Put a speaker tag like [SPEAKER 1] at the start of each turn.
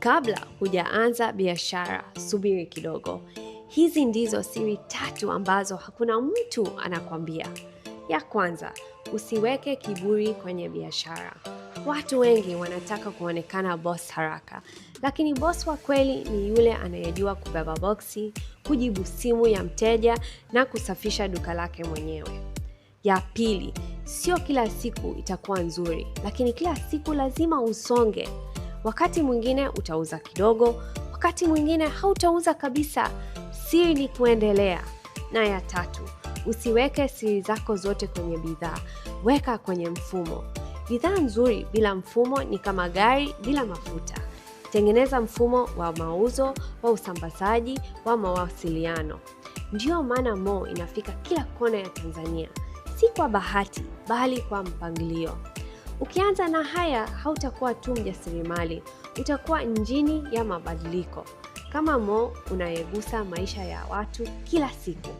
[SPEAKER 1] Kabla
[SPEAKER 2] hujaanza biashara, subiri kidogo. Hizi ndizo siri tatu ambazo hakuna mtu anakwambia. Ya kwanza, usiweke kiburi kwenye biashara. Watu wengi wanataka kuonekana boss haraka, lakini boss wa kweli ni yule anayejua kubeba boksi, kujibu simu ya mteja na kusafisha duka lake mwenyewe. Ya pili, sio kila siku itakuwa nzuri, lakini kila siku lazima usonge. Wakati mwingine utauza kidogo, wakati mwingine hautauza kabisa. Siri ni kuendelea. Na ya tatu, usiweke siri zako zote kwenye bidhaa, weka kwenye mfumo. Bidhaa nzuri bila mfumo ni kama gari bila mafuta. Tengeneza mfumo wa mauzo, wa usambazaji, wa mawasiliano. Ndiyo maana Mo inafika kila kona ya Tanzania, si kwa bahati, bali kwa mpangilio. Ukianza na haya, hautakuwa tu mjasiriamali, utakuwa injini ya mabadiliko kama Mo unayegusa maisha ya watu kila siku.